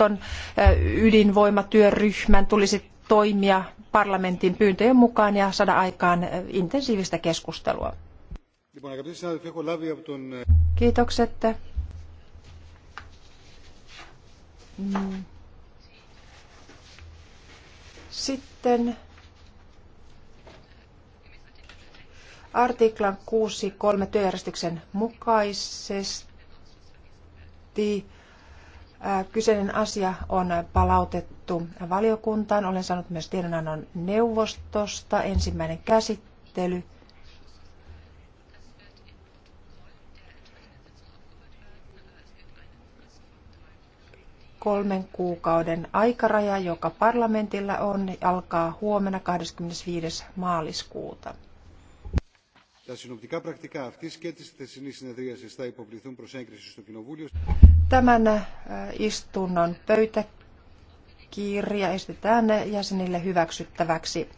on ydinvoimatyöryhmän tulisi toimia parlamentin pyyntöjen mukaan ja saada aikaan intensiivistä keskustelua. Kiitokset. Mm. Sitten artiklan 6.3 työjärjestyksen mukaisesti Kyseinen asia on palautettu valiokuntaan. Olen saanut myös tiedonannon neuvostosta ensimmäinen käsittely. kolmen kuukauden aikaraja, joka parlamentilla on, alkaa huomenna 25. maaliskuuta. Τα συνοπτικά πρακτικά και θα υποβληθούν έγκριση στο Κοινοβούλιο. Tämän istunnon pöytäkirja esitetään jäsenille hyväksyttäväksi.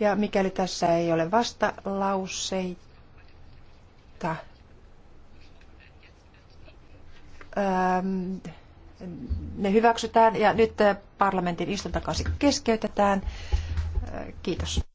Ja mikäli tässä ei ole vastalauseita, ähm, ne hyväksytään ja nyt äh, parlamentin istuntokausi keskeytetään. Äh, kiitos.